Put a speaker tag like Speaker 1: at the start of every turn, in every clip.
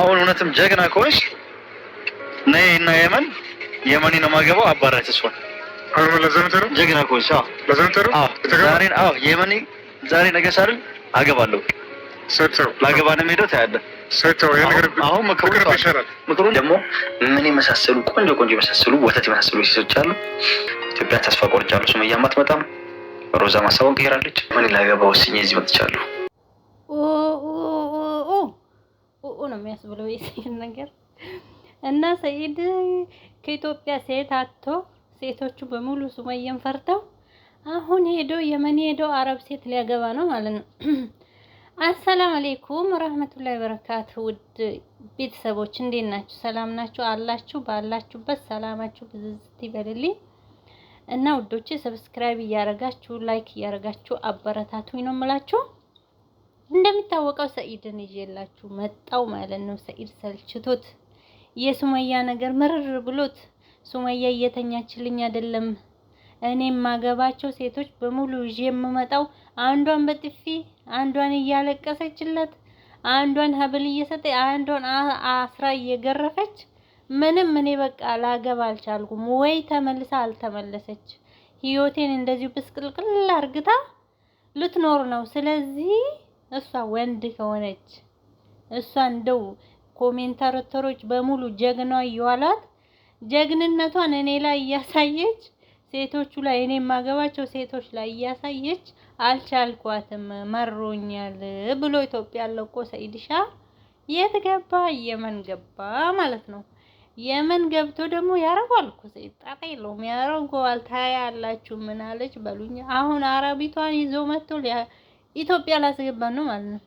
Speaker 1: አሁን እውነትም ጀግና ከሆንሽ ነይ እና የመን የመን ነው ማገባው አባራት እሷን ጀግና ከሆንሽ የመን ዛሬ ነገ ሳይሆን አገባለሁ ላገባ ነው የምሄደው ታያለህ። አሁን
Speaker 2: ምክሩ
Speaker 1: ደግሞ ምን የመሳሰሉ ቆንጆ ቆንጆ የመሳሰሉ ወተት የመሳሰሉ ሴቶች አሉ። ኢትዮጵያ ተስፋ ቆርጫለሁ። ሱመያ አትመጣም። ሮዛ ማሳቧን ቀይራለች። ምን ላገባ ወስኜ እዚህ መጥቻለሁ።
Speaker 3: ነው የሚያስብለው የሰይድ ነገር እና ሰይድ ከኢትዮጵያ ሴት አጥቶ ሴቶቹ በሙሉ ሱመየን ፈርተው አሁን ሄዶ የመን ሄዶ አረብ ሴት ሊያገባ ነው ማለት ነው። አሰላም አሌይኩም ወራህመቱላሂ ወበረካቱ። ውድ ቤተሰቦች እንዴት ናችሁ? ሰላም ናችሁ አላችሁ? ባላችሁበት ሰላማችሁ ብዝዝት ይበልልኝ እና ውዶቼ ሰብስክራይብ እያረጋችሁ ላይክ እያረጋችሁ አበረታቱኝ ነው የምላችሁ። እንደሚታወቀው ሰኢድን ይዤላችሁ መጣው ማለት ነው። ሰኢድ ሰልችቶት የሱመያ ነገር ምርር ብሎት ሱመያ እየተኛችልኝ አይደለም እኔ የማገባቸው ሴቶች በሙሉ ይዤ የምመጣው አንዷን በጥፊ አንዷን እያለቀሰችለት አንዷን ሀብል እየሰጠ አንዷን አስራ እየገረፈች ምንም እኔ በቃ ላገባ አልቻልኩም ወይ ተመልሳ አልተመለሰች። ህይወቴን እንደዚሁ ብስቅልቅል አርግታ ልትኖር ነው። ስለዚህ እሷ ወንድ ከሆነች እሷ እንደው ኮሜንታተሮች በሙሉ ጀግና እየዋላት ጀግንነቷን እኔ ላይ እያሳየች ሴቶቹ ላይ እኔ የማገባቸው ሴቶች ላይ እያሳየች አልቻልኳትም፣ መሮኛል ብሎ ኢትዮጵያ ለቆ ሰይድሻ ሰኢድሻ የት ገባ? የመን ገባ ማለት ነው። የመን ገብቶ ደግሞ ያረጓል እኮ ሰኢድ ጣጣ የለውም ያረጓል። ታያላችሁ ምን አለች በሉኝ። አሁን አረቢቷን ይዞ መጥቶ ኢትዮጵያ ላስገባን ነው ማለት ነው።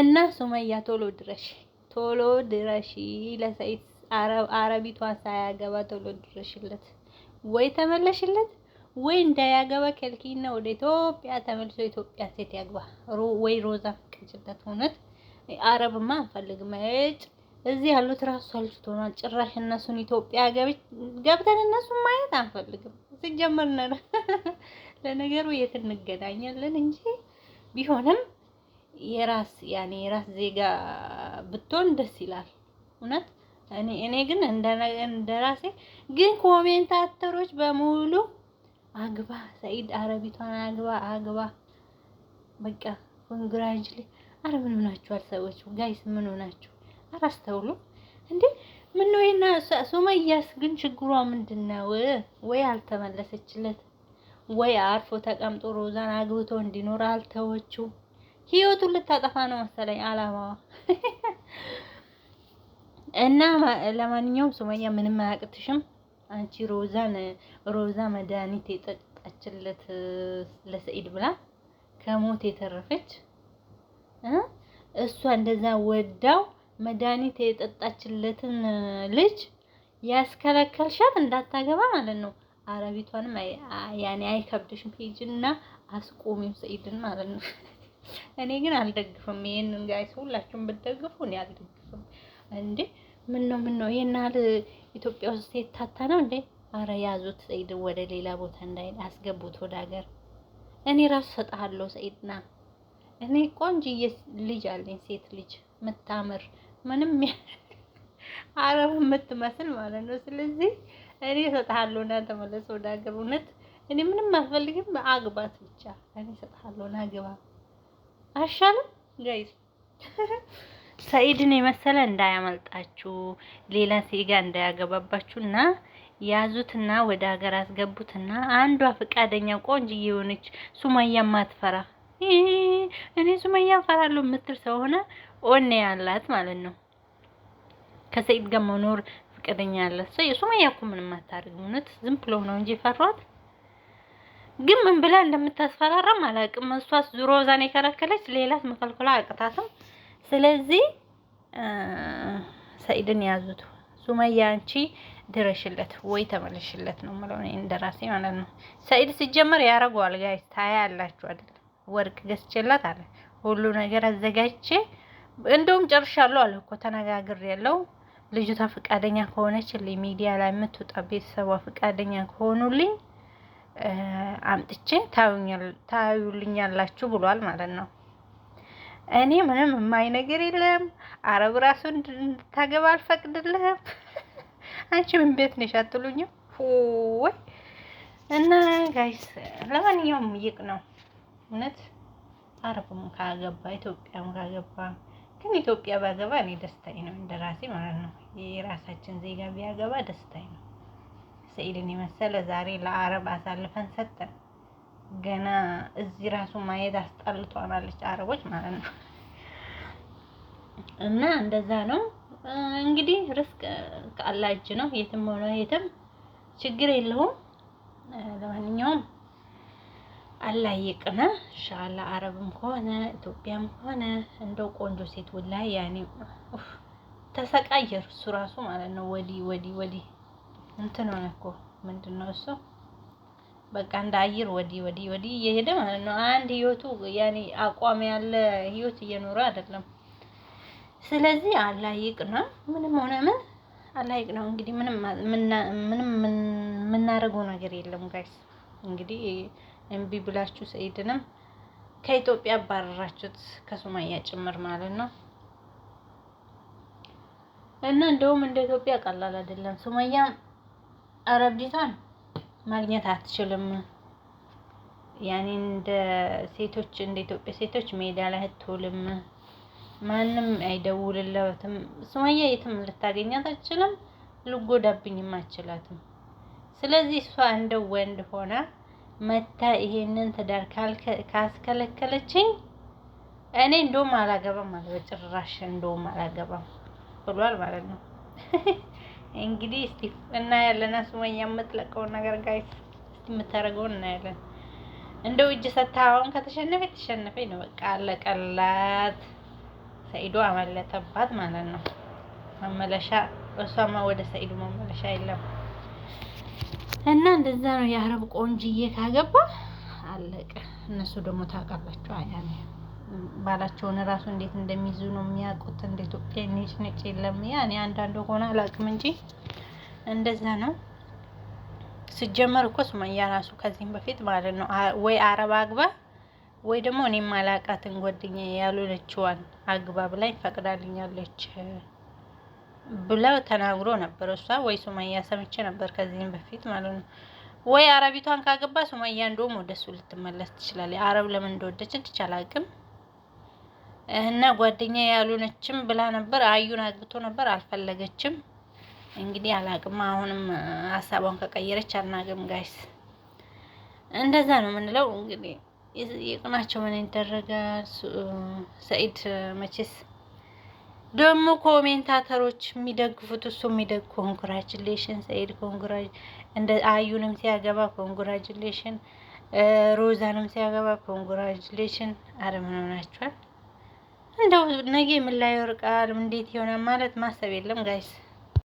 Speaker 3: እና ሱመያ ቶሎ ድረሽ፣ ቶሎ ድረሽ ለሰይት አረብ አረቢቷን ሳያገባ ቶሎ ድረሽለት፣ ወይ ተመለሽለት፣ ወይ እንዳያገባ ከልኪና ወደ ኢትዮጵያ ተመልሶ ኢትዮጵያ ሴት ያግባ። ወይ ሮዛ ፍቀጅለት። እውነት አረብማ አንፈልግም። እጭ እዚህ ያሉት ራሱ ሰልችቶናል። ጭራሽ እነሱን ኢትዮጵያ ገብተን እነሱን ማየት አንፈልግም። ስንጀምር ነው። ለነገሩ የት እንገናኛለን እንጂ ቢሆንም የራስ ያኔ የራስ ዜጋ ብትሆን ደስ ይላል እውነት። እኔ እኔ ግን እንደ እንደ ራሴ ግን ኮሜንታተሮች በሙሉ አግባ ሰኢድ አረቢቷን አግባ አግባ በቃ ኮንግራጅሌ። አረ ምን ሆናችኋል ሰዎች? ጋይስ ምን ሆናችሁ? አራስተውሉ እንዴ ምነው ይሄን ሱመያስ ግን ችግሯ ምንድን ወይ አልተመለሰችለት፣ ወይ አርፎ ተቀምጦ ሮዛን አግብቶ እንዲኖር አልተወችው። ህይወቱን ልታጠፋ ነው መሰለኝ አላማዋ። እና ለማንኛውም ሱመያ ምንም አያቅትሽም አንቺ ሮዛን ሮዛ መድኃኒት የጠጣችለት ለሰኢድ ብላ ከሞት የተረፈች እሷ እንደዛ ወዳው መድኃኒት የጠጣችለትን ልጅ ያስከለከልሻት እንዳታገባ ማለት ነው። አረቢቷንም ያኔ አይከብድሽም፣ ሂጂና አስቆሚው ሰኢድን ማለት ነው። እኔ ግን አልደግፍም ይሄንን ጋይስ፣ ሁላችሁም ብትደግፉ እኔ አልደግፍም። እንዴ ምን ነው ምን ነው ይሄን ያህል ኢትዮጵያ ውስጥ የታታ ነው እንዴ? አረ ያዙት ሰኢድን፣ ወደ ሌላ ቦታ እንዳይ አስገቡት ወደ ሀገር። እኔ ራሱ ሰጣለሁ ሰኢድና እኔ ቆንጆ ልጅ አለኝ ሴት ልጅ ምታምር ምንም አረብ የምትመስል ማለት ነው። ስለዚህ እኔ እሰጥሃለሁ ና ተመለስ ወደ ሀገር። እውነት እኔ ምንም አልፈልግም፣ አግባት ብቻ። እኔ እሰጥሃለሁ ና ግባ፣ አይሻልም ጋይስ? ሰኢድን የመሰለ እንዳያመልጣችሁ፣ ሌላ ሴጋ እንዳያገባባችሁና ያዙትና ወደ ሀገር አስገቡትና አንዷ ፈቃደኛ ቆንጅዬ የሆነች ሱማያ ማትፈራ እኔ ሱማያ ፈራለሁ የምትል ሰው ሆነ ኦን ያላት ማለት ነው። ከሰይድ ጋር መኖር ፍቅደኛ ያላት ሰው የሱመያ እኮ ምንም አታደርግም። እውነት ዝም ብሎ ነው እንጂ ፈሯት። ግን ምን ብላ እንደምታስፈራራም አላውቅም። እሷስ ዙሮ ዛኔ የከለከለች ሌላት መከልከላ አያቅታትም። ስለዚህ ሰይድን ያዙት። ሱመያ አንቺ ድረሽለት ወይ ተመለሽለት ነው የምለው እኔ እንደራሴ ማለት ነው። ሰይድ ሲጀመር ያረገዋል። ጋይ ታያላችሁ አይደል? ወርቅ ገዝቼላት አለ ሁሉ ነገር አዘጋጅቼ እንደውም ጨርሻለሁ አለ እኮ ተነጋግር ያለው ልጅቷ ፈቃደኛ ከሆነችልኝ ሚዲያ ላይ የምትወጣ ቤተሰቧ ፈቃደኛ ከሆኑልኝ አምጥቼ ታዩልኛላችሁ ብሏል ማለት ነው። እኔ ምንም የማይ ነገር የለም። አረብ ራሱ እንድታገባ አልፈቅድልህም። አንቺ ምን ቤት ነሽ አትሉኝም ወይ? እና ጋይስ ለማንኛውም ይቅ ነው እውነት አረብም ካገባ ኢትዮጵያም ካገባ ግን ኢትዮጵያ ባገባ እኔ ደስታኝ ነው እንደ ራሴ ማለት ነው። የራሳችን ዜጋ ቢያገባ ደስታኝ ነው። ሰኢድን የመሰለ ዛሬ ለአረብ አሳልፈን ሰጠን። ገና እዚህ ራሱ ማየት አስጠልቷናለች አረቦች ማለት ነው። እና እንደዛ ነው እንግዲህ ርስቅ ከአላህ እጅ ነው። የትም ሆነ የትም ችግር የለውም። ለማንኛውም አላህ ይቅና ሻላ አረብም ከሆነ ኢትዮጵያም ከሆነ እንደው ቆንጆ ሴት ውላ ያኔ ተሰቃየ እሱ ራሱ ማለት ነው። ወዲ ወዲ ወዲ እንትን ሆነ እኮ ምንድን ነው እሱ በቃ እንደ አየር ወዲ ወዲ ወዲ እየሄደ ማለት ነው። አንድ ህይወቱ ያኔ አቋም ያለ ህይወት እየኖረ አይደለም። ስለዚህ አላህ ይቅና፣ ምንም ሆነ ምን አላህ ይቅናው። እንግዲህ ምንም ምንም የምናደርገው ነገር የለም ጋይስ እንግዲህ እምቢ ብላችሁ ሰኢድንም ከኢትዮጵያ አባረራችሁት ከሶማያ ጭምር ማለት ነው። እና እንደውም እንደ ኢትዮጵያ ቀላል አይደለም። ሱመያ አረብዲቷን ማግኘት አትችልም። ያኔ እንደ ሴቶች እንደ ኢትዮጵያ ሴቶች ሜዳ ላይ አትውልም። ማንም አይደውልለትም። ሱመያ የትም ልታገኛት አትችልም። ልጎዳብኝም አትችላትም። ስለዚህ እሷ እንደ ወንድ ሆነ መታ ይሄንን ትዳር ካስከለከለችኝ እኔ እንደውም አላገባም ማለት በጭራሽ እንደውም አላገባም ብሏል ማለት ነው። እንግዲህ እስቲ እናያለን፣ ሱመኛ የምትለቀውን ነገር ጋይስ እስቲ የምታደርገውን እናያለን። እንደው እጅ ሰታ አሁን ከተሸነፈ የተሸነፈ ነው በቃ አለቀላት። ሰኢዱ አመለጠባት ማለት ነው። መመለሻ እሷማ ወደ ሰኢዱ መመለሻ የለም። እና እንደዛ ነው የአረብ ቆንጅዬ ካገባ አለቀ። እነሱ ደግሞ ታውቃላችሁ አያኔ ባላቸውን እራሱ እንዴት እንደሚይዙ ነው የሚያውቁት። እንደ ኢትዮጵያ ነጭ ነጭ የለም። ያኔ አንዳንዱ ሆነ አላውቅም እንጂ እንደዛ ነው። ስጀመር እኮ ሱመያ ራሱ ከዚህም በፊት ማለት ነው ወይ አረብ አግባ ወይ ደግሞ እኔም አላውቃትን ጓደኛ ያልሆነችዋን አግባብ ላይ ፈቅዳልኛለች። ብለው ተናግሮ ነበር። እሷ ወይ ሱመያ ሰምቼ ነበር ከዚህም በፊት ማለት ነው። ወይ አረቢቷን ካገባ ሱመያ እንደውም ወደሱ ልትመለስ ትችላለች። አረብ ለምን እንደወደደች አላውቅም። እና ጓደኛ ያሉነችም ብላ ነበር። አዩን አግብቶ ነበር አልፈለገችም። እንግዲህ አላቅም አሁንም ሀሳቧን ከቀየረች አናቅም ጋይስ እንደዛ ነው የምንለው። እንግዲህ የቅናቸው ምን ይደረጋል? ሰኢድ መቼስ ደግሞ ኮሜንታተሮች የሚደግፉት እሱ የሚደግ ኮንግራጁሌሽን ሰኢድ ኮንግራ እንደ አዩንም ሲያገባ ኮንግራጁሌሽን፣ ሮዛንም ሲያገባ ኮንግራጁሌሽን። አረ ምን ሆናችኋል? እንደው ነገ የምንላየው ቃል እንዴት ይሆናል ማለት ማሰብ የለም ጋይስ።